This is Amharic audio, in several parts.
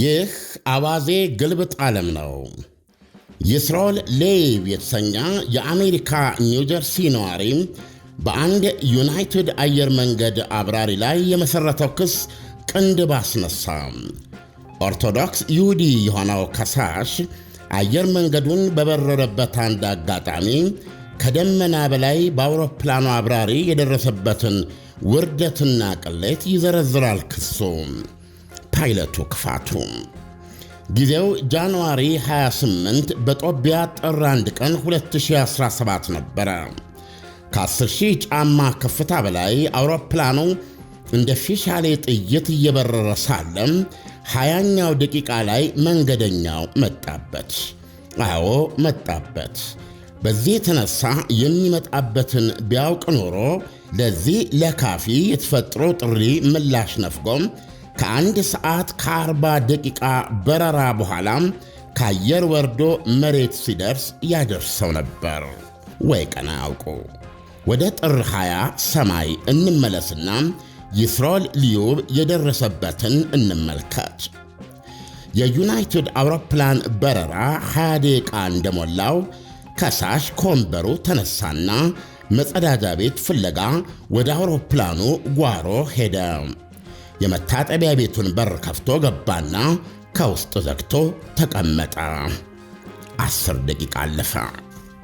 ይህ አዋዜ ግልብጥ ዓለም ነው። ይስሮል ሌይብ የተሰኘ የአሜሪካ ኒውጀርሲ ነዋሪ በአንድ ዩናይትድ አየር መንገድ አብራሪ ላይ የመሠረተው ክስ ቅንድብ አስነሳ። ኦርቶዶክስ ይሁዲ የሆነው ከሳሽ አየር መንገዱን በበረረበት አንድ አጋጣሚ ከደመና በላይ በአውሮፕላኑ አብራሪ የደረሰበትን ውርደትና ቅሌት ይዘረዝራል ክሱ። ከዕለቱ ክፋቱ ጊዜው ጃንዋሪ 28 በጦቢያ ጥር 1 ቀን 2017 ነበረ። ከ10,000 ጫማ ከፍታ በላይ አውሮፕላኑ እንደ ፊሻሌ ጥይት እየበረረ ሳለም ሀያኛው ደቂቃ ላይ መንገደኛው መጣበት። አዎ መጣበት። በዚህ የተነሳ የሚመጣበትን ቢያውቅ ኖሮ ለዚህ ለካፊ የተፈጥሮ ጥሪ ምላሽ ነፍጎም ከአንድ ሰዓት ከአርባ ደቂቃ በረራ በኋላ ከአየር ወርዶ መሬት ሲደርስ ያደርሰው ነበር። ወይ ቀና ያውቁ። ወደ ጥር 20 ሰማይ እንመለስና ይስሮል ሊዩብ የደረሰበትን እንመልከት። የዩናይትድ አውሮፕላን በረራ 20 ደቂቃ እንደሞላው ከሳሽ ከወንበሩ ተነሳና መጸዳጃ ቤት ፍለጋ ወደ አውሮፕላኑ ጓሮ ሄደ። የመታጠቢያ ቤቱን በር ከፍቶ ገባና ከውስጥ ዘግቶ ተቀመጠ። አስር ደቂቃ አለፈ።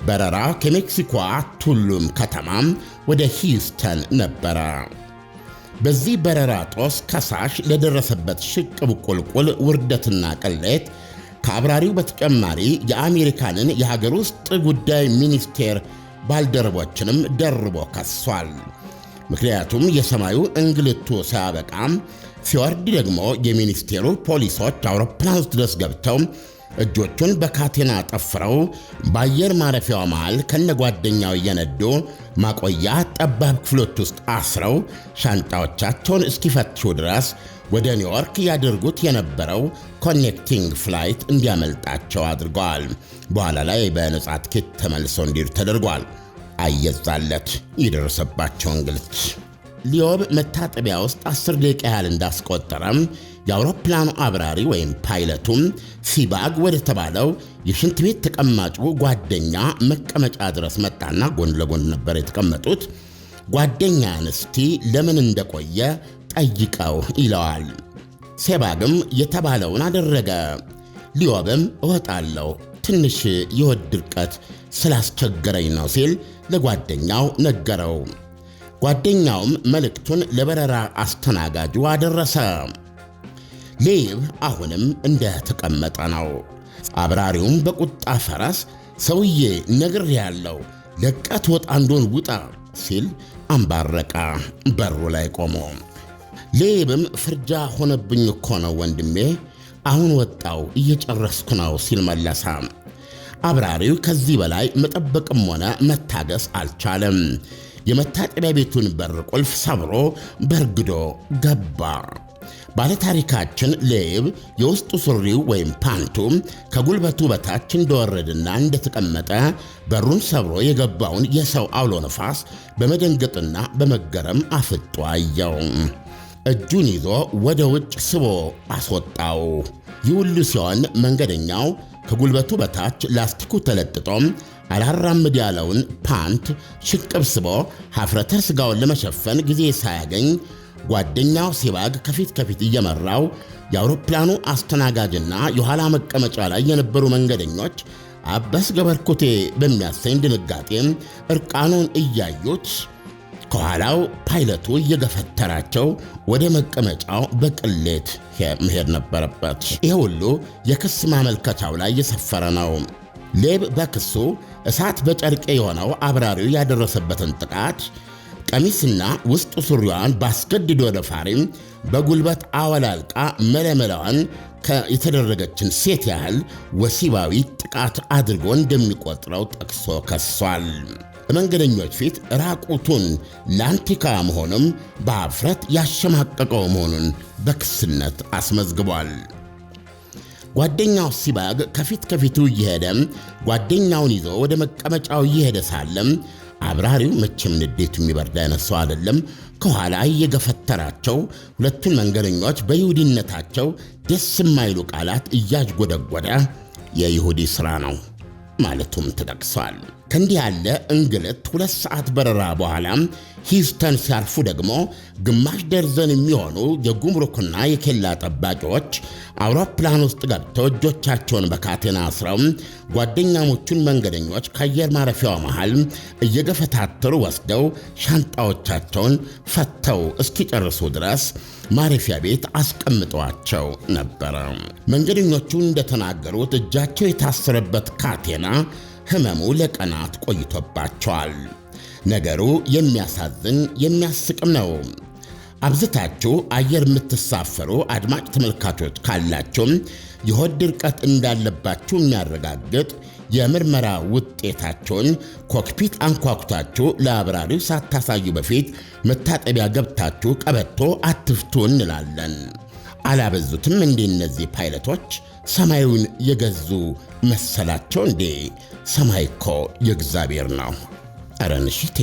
በረራ ከሜክሲኮዋ ቱሉም ከተማም ወደ ሂውስተን ነበረ። በዚህ በረራ ጦስ ከሳሽ ለደረሰበት ሽቅብ ቁልቁል ውርደትና ቅሌት ከአብራሪው በተጨማሪ የአሜሪካንን የሀገር ውስጥ ጉዳይ ሚኒስቴር ባልደረቦችንም ደርቦ ከሷል። ምክንያቱም የሰማዩ እንግልቱ ሳያበቃም ሲወርድ ደግሞ የሚኒስቴሩ ፖሊሶች አውሮፕላን ውስጥ ድረስ ገብተው እጆቹን በካቴና ጠፍረው በአየር ማረፊያው መሃል ከነጓደኛው እየነዱ ማቆያ ጠባብ ክፍሎች ውስጥ አስረው ሻንጣዎቻቸውን እስኪፈትሹ ድረስ ወደ ኒውዮርክ ያደርጉት የነበረው ኮኔክቲንግ ፍላይት እንዲያመልጣቸው አድርገዋል። በኋላ ላይ በነጻ ትኬት ተመልሰው እንዲሄዱ ተደርጓል። አየዛለት የደረሰባቸው እንግልት። ሊዮብ መታጠቢያ ውስጥ አስር ደቂቃ ያህል እንዳስቆጠረም የአውሮፕላኑ አብራሪ ወይም ፓይለቱም ሲባግ ወደ ተባለው የሽንት ቤት ተቀማጩ ጓደኛ መቀመጫ ድረስ መጣና ጎን ለጎን ነበር የተቀመጡት። ጓደኛ አንስቲ ለምን እንደቆየ ጠይቀው ይለዋል። ሴባግም የተባለውን አደረገ። ሊዮብም እወጣለሁ ትንሽ የሆድ ድርቀት ስላስቸገረኝ ነው ሲል ለጓደኛው ነገረው። ጓደኛውም መልእክቱን ለበረራ አስተናጋጁ አደረሰ። ሌብ አሁንም እንደተቀመጠ ነው። አብራሪውም በቁጣ ፈረስ ሰውዬ ነግር ያለው ለቀት ወጣ አንዶን ውጣ ሲል አምባረቀ በሩ ላይ ቆሞ ሌብም ፍርጃ ሆነብኝ እኮ ነው ወንድሜ፣ አሁን ወጣው እየጨረስኩ ነው ሲል መለሰ። አብራሪው ከዚህ በላይ መጠበቅም ሆነ መታገስ አልቻለም። የመታጠቢያ ቤቱን በር ቁልፍ ሰብሮ በርግዶ ገባ። ባለታሪካችን ሌብ የውስጡ ሱሪው ወይም ፓንቱ ከጉልበቱ በታች እንደወረደና እንደተቀመጠ በሩን ሰብሮ የገባውን የሰው አውሎ ነፋስ በመደንገጥና በመገረም አፍጦ አየው። እጁን ይዞ ወደ ውጭ ስቦ አስወጣው። ይውሉ ሲሆን መንገደኛው ከጉልበቱ በታች ላስቲኩ ተለጥጦም አላራምድ ያለውን ፓንት ሽቅብ ስቦ ስጋውን ለመሸፈን ጊዜ ሳያገኝ ጓደኛው ሲባግ ከፊት ከፊት እየመራው የአውሮፕላኑ አስተናጋጅና የኋላ መቀመጫ ላይ የነበሩ መንገደኞች አበስ ገበርኩቴ በሚያሰኝ ድንጋጤም እርቃኑን እያዩት ከኋላው ፓይለቱ እየገፈተራቸው ወደ መቀመጫው በቅሌት መሄድ ነበረበት። ይህ ሁሉ የክስ ማመልከቻው ላይ የሰፈረ ነው። ሌብ በክሱ እሳት በጨርቄ የሆነው አብራሪው ያደረሰበትን ጥቃት ቀሚስና ውስጥ ሱሪዋን ወደ ደፋሪም በጉልበት አወላልቃ መለመላዋን የተደረገችን ሴት ያህል ወሲባዊ ጥቃት አድርጎ እንደሚቆጥረው ጠቅሶ ከሷል። በመንገደኞች ፊት ራቁቱን ላንቲካ መሆኑም በአፍረት ያሸማቀቀው መሆኑን በክስነት አስመዝግቧል። ጓደኛው ሲባግ ከፊት ከፊቱ እየሄደም ጓደኛውን ይዞ ወደ መቀመጫው እየሄደ ሳለም አብራሪው መቼም ንዴቱ የሚበርድ አይነት ሰው አይደለም። ከኋላ እየገፈተራቸው ሁለቱን መንገደኞች በይሁዲነታቸው ደስ የማይሉ ቃላት እያጅጎደጎደ የይሁዲ ሥራ ነው ማለቱም ተጠቅሷል። ከእንዲህ ያለ እንግልት ሁለት ሰዓት በረራ በኋላ ሂውስተን ሲያርፉ ደግሞ ግማሽ ደርዘን የሚሆኑ የጉምሩክና የኬላ ጠባቂዎች አውሮፕላን ውስጥ ገብተው እጆቻቸውን በካቴና አስረው ጓደኛሞቹን መንገደኞች ከአየር ማረፊያው መሃል እየገፈታተሩ ወስደው ሻንጣዎቻቸውን ፈተው እስኪጨርሱ ድረስ ማረፊያ ቤት አስቀምጠዋቸው ነበረ። መንገደኞቹ እንደተናገሩት እጃቸው የታሰረበት ካቴና ህመሙ ለቀናት ቆይቶባቸዋል። ነገሩ የሚያሳዝን የሚያስቅም ነው። አብዝታችሁ አየር የምትሳፈሩ አድማጭ ተመልካቾች ካላችሁም የሆድ ድርቀት እንዳለባችሁ የሚያረጋግጥ የምርመራ ውጤታችሁን ኮክፒት አንኳኩታችሁ ለአብራሪው ሳታሳዩ በፊት መታጠቢያ ገብታችሁ ቀበቶ አትፍቱ እንላለን። አላበዙትም እንዲህ እነዚህ ፓይለቶች ሰማዩን የገዙ መሰላቸው እንዴ? ሰማይ እኮ የእግዚአብሔር ነው። ኧረ ንሽቴ!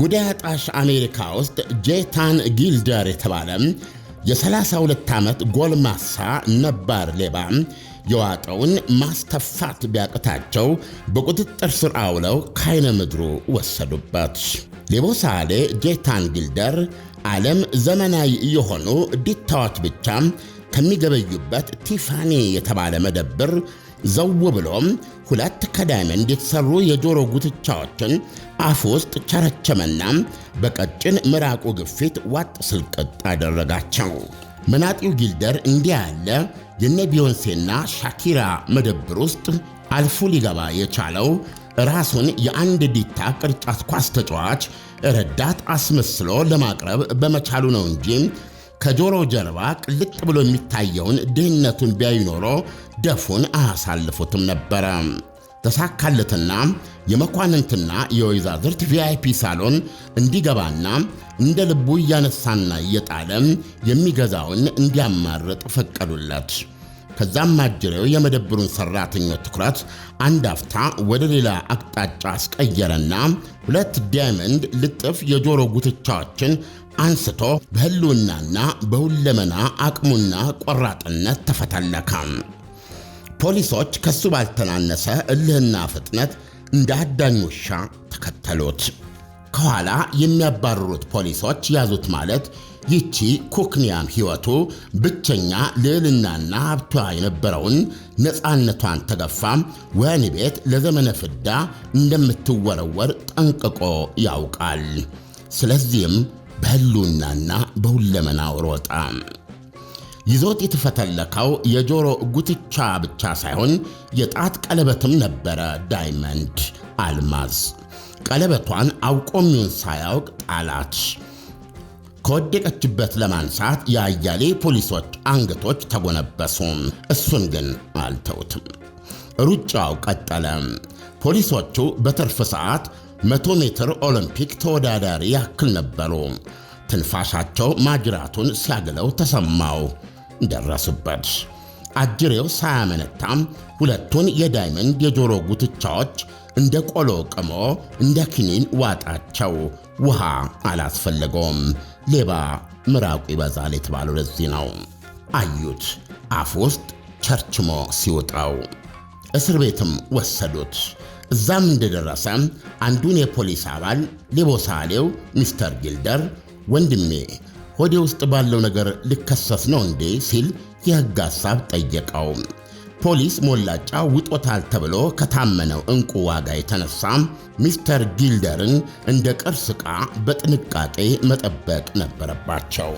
ጉዳይ አጣሽ አሜሪካ ውስጥ ጄታን ጊልደር የተባለ የ32 ዓመት ጎልማሳ ነባር ሌባ የዋጠውን ማስተፋት ቢያቅታቸው በቁጥጥር ስር አውለው ካይነ ምድሩ ወሰዱበት። ሌቦ ሳሌ ጄታን ጊልደር ዓለም ዘመናዊ የሆኑ ዲታዎች ብቻ ከሚገበዩበት ቲፋኒ የተባለ መደብር ዘው ብሎም ሁለት ከዳይመንድ የተሰሩ የጆሮ ጉትቻዎችን አፍ ውስጥ ቸረቸመና በቀጭን ምራቁ ግፊት ዋጥ ስልቅጥ አደረጋቸው። መናጢው ጊልደር እንዲህ ያለ የነ ቢዮንሴና ሻኪራ መደብር ውስጥ አልፎ ሊገባ የቻለው ራሱን የአንድ ዲታ ቅርጫት ኳስ ተጫዋች ረዳት አስመስሎ ለማቅረብ በመቻሉ ነው እንጂ ከጆሮ ጀርባ ቅልጥ ብሎ የሚታየውን ድህነቱን ቢያዩ ኖሮ ደፉን አያሳልፉትም ነበረ። ተሳካለትና የመኳንንትና የወይዛዝርት ቪአይፒ ሳሎን እንዲገባና እንደ ልቡ እያነሳና እየጣለ የሚገዛውን እንዲያማርጥ ፈቀዱለት። ከዛም አጅሬው የመደብሩን ሰራተኞች ትኩረት አንድ አፍታ ወደ ሌላ አቅጣጫ አስቀየረና ሁለት ዳይመንድ ልጥፍ የጆሮ ጉትቻዎችን አንስቶ በህልውናና በሁለመና አቅሙና ቆራጥነት ተፈተለከ። ፖሊሶች ከሱ ባልተናነሰ እልህና ፍጥነት እንደ አዳኝ ውሻ ተከተሉት። ከኋላ የሚያባርሩት ፖሊሶች ያዙት ማለት ይቺ ኮክኒያም ሕይወቱ ብቸኛ ልዕልናና ሀብቷ የነበረውን ነፃነቷን ተገፋ ወህኒ ቤት ለዘመነ ፍዳ እንደምትወረወር ጠንቅቆ ያውቃል። ስለዚህም በህልውናና በሁለመና ሮጣ። ይዞት የተፈተለከው የጆሮ ጉትቻ ብቻ ሳይሆን የጣት ቀለበትም ነበረ። ዳይመንድ አልማዝ ቀለበቷን አውቆሚውን ሳያውቅ ጣላት። ከወደቀችበት ለማንሳት የአያሌ ፖሊሶች አንገቶች ተጎነበሱ። እሱን ግን አልተውትም። ሩጫው ቀጠለ። ፖሊሶቹ በትርፍ ሰዓት መቶ ሜትር ኦሎምፒክ ተወዳዳሪ ያክል ነበሩ። ትንፋሻቸው ማጅራቱን ሲያግለው ተሰማው። ደረሱበት። አጅሬው ሳያመነታም ሁለቱን የዳይመንድ የጆሮ ጉትቻዎች እንደ ቆሎ ቅሞ እንደ ክኒን ዋጣቸው። ውሃ አላስፈልገውም። ሌባ ምራቁ ይበዛል የተባለው ለዚህ ነው። አዩት፣ አፍ ውስጥ ቸርችሞ ሲወጣው እስር ቤትም ወሰዱት። እዛም እንደደረሰ አንዱን የፖሊስ አባል ሌቦሳሌው ሚስተር ጊልደር ወንድሜ ሆዴ ውስጥ ባለው ነገር ልከሰስ ነው እንዴ ሲል የሕግ ሐሳብ ጠየቀው። ፖሊስ ሞላጫ ውጦታል ተብሎ ከታመነው ዕንቁ ዋጋ የተነሳም ሚስተር ጊልደርን እንደ ቅርስ ዕቃ በጥንቃቄ መጠበቅ ነበረባቸው።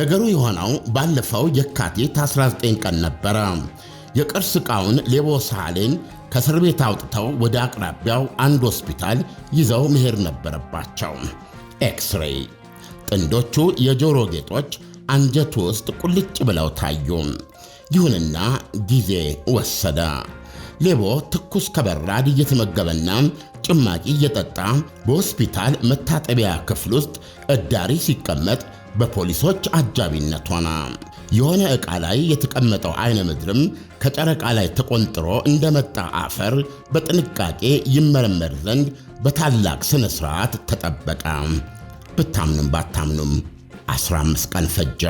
ነገሩ የሆነው ባለፈው የካቲት 19 ቀን ነበረ። የቅርስ ዕቃውን ሌቦ ሳሌን ከእስር ቤት አውጥተው ወደ አቅራቢያው አንድ ሆስፒታል ይዘው መሄድ ነበረባቸው። ኤክስሬይ ጥንዶቹ የጆሮ ጌጦች አንጀቱ ውስጥ ቁልጭ ብለው ታዩ። ይሁንና ጊዜ ወሰደ። ሌቦ ትኩስ ከበራድ እየተመገበና ጭማቂ እየጠጣ በሆስፒታል መታጠቢያ ክፍል ውስጥ እዳሪ ሲቀመጥ በፖሊሶች አጃቢነት ሆነ። የሆነ ዕቃ ላይ የተቀመጠው አይነ ምድርም ከጨረቃ ላይ ተቆንጥሮ እንደመጣ አፈር በጥንቃቄ ይመረመር ዘንድ በታላቅ ሥነ ሥርዓት ተጠበቀ። ብታምኑም ባታምኑም 15 ቀን ፈጀ።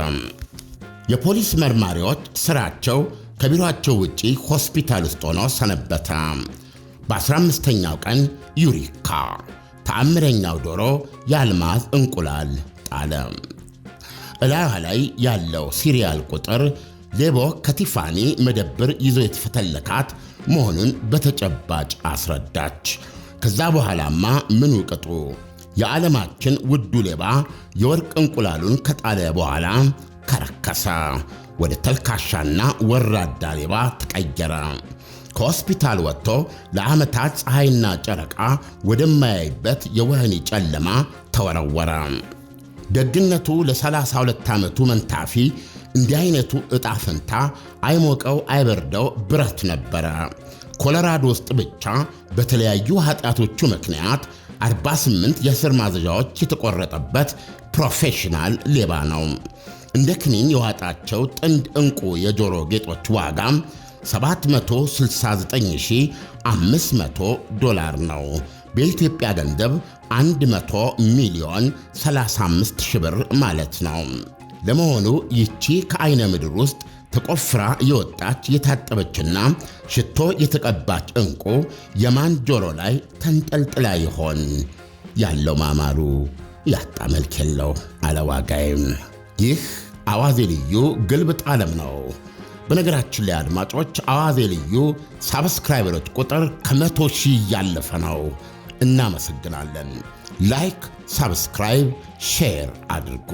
የፖሊስ መርማሪዎች ስራቸው ከቢሮአቸው ውጪ ሆስፒታል ውስጥ ሆኖ ሰነበተ። በ15ኛው ቀን ዩሪካ ተአምረኛው ዶሮ የአልማዝ እንቁላል ጣለ። እላዩ ላይ ያለው ሲሪያል ቁጥር ሌቦ ከቲፋኒ መደብር ይዞ የተፈተለካት መሆኑን በተጨባጭ አስረዳች። ከዛ በኋላማ ምኑ ቅጡ! የዓለማችን ውዱ ሌባ የወርቅ እንቁላሉን ከጣለ በኋላ ከረከሰ፣ ወደ ተልካሻና ወራዳ ሌባ ተቀየረ። ከሆስፒታል ወጥቶ ለዓመታት ፀሐይና ጨረቃ ወደማያይበት የወህኒ ጨለማ ተወረወረ። ደግነቱ ለ32 ዓመቱ መንታፊ እንዲህ አይነቱ ዕጣ ፈንታ አይሞቀው አይበርደው ብረት ነበረ። ኮሎራዶ ውስጥ ብቻ በተለያዩ ኃጢአቶቹ ምክንያት 48 የእስር ማዘዣዎች የተቆረጠበት ፕሮፌሽናል ሌባ ነው። እንደ ክኒን የዋጣቸው ጥንድ እንቁ የጆሮ ጌጦች ዋጋ 769500 ዶላር ነው። በኢትዮጵያ ገንዘብ 100 ሚሊዮን 35 ሺህ ብር ማለት ነው። ለመሆኑ ይቺ ከአይነ ምድር ውስጥ ተቆፍራ የወጣች የታጠበችና ሽቶ የተቀባች እንቁ የማን ጆሮ ላይ ተንጠልጥላ ይሆን? ያለው ማማሩ ያጣ መልክ የለው አለዋጋይም ይህ አዋዜ ልዩ ግልብጥ ዓለም ነው። በነገራችን ላይ አድማጮች አዋዜ ልዩ ሳብስክራይበሮች ቁጥር ከመቶ ሺህ እያለፈ ነው። እናመሰግናለን። ላይክ፣ ሳብስክራይብ፣ ሼር አድርጎ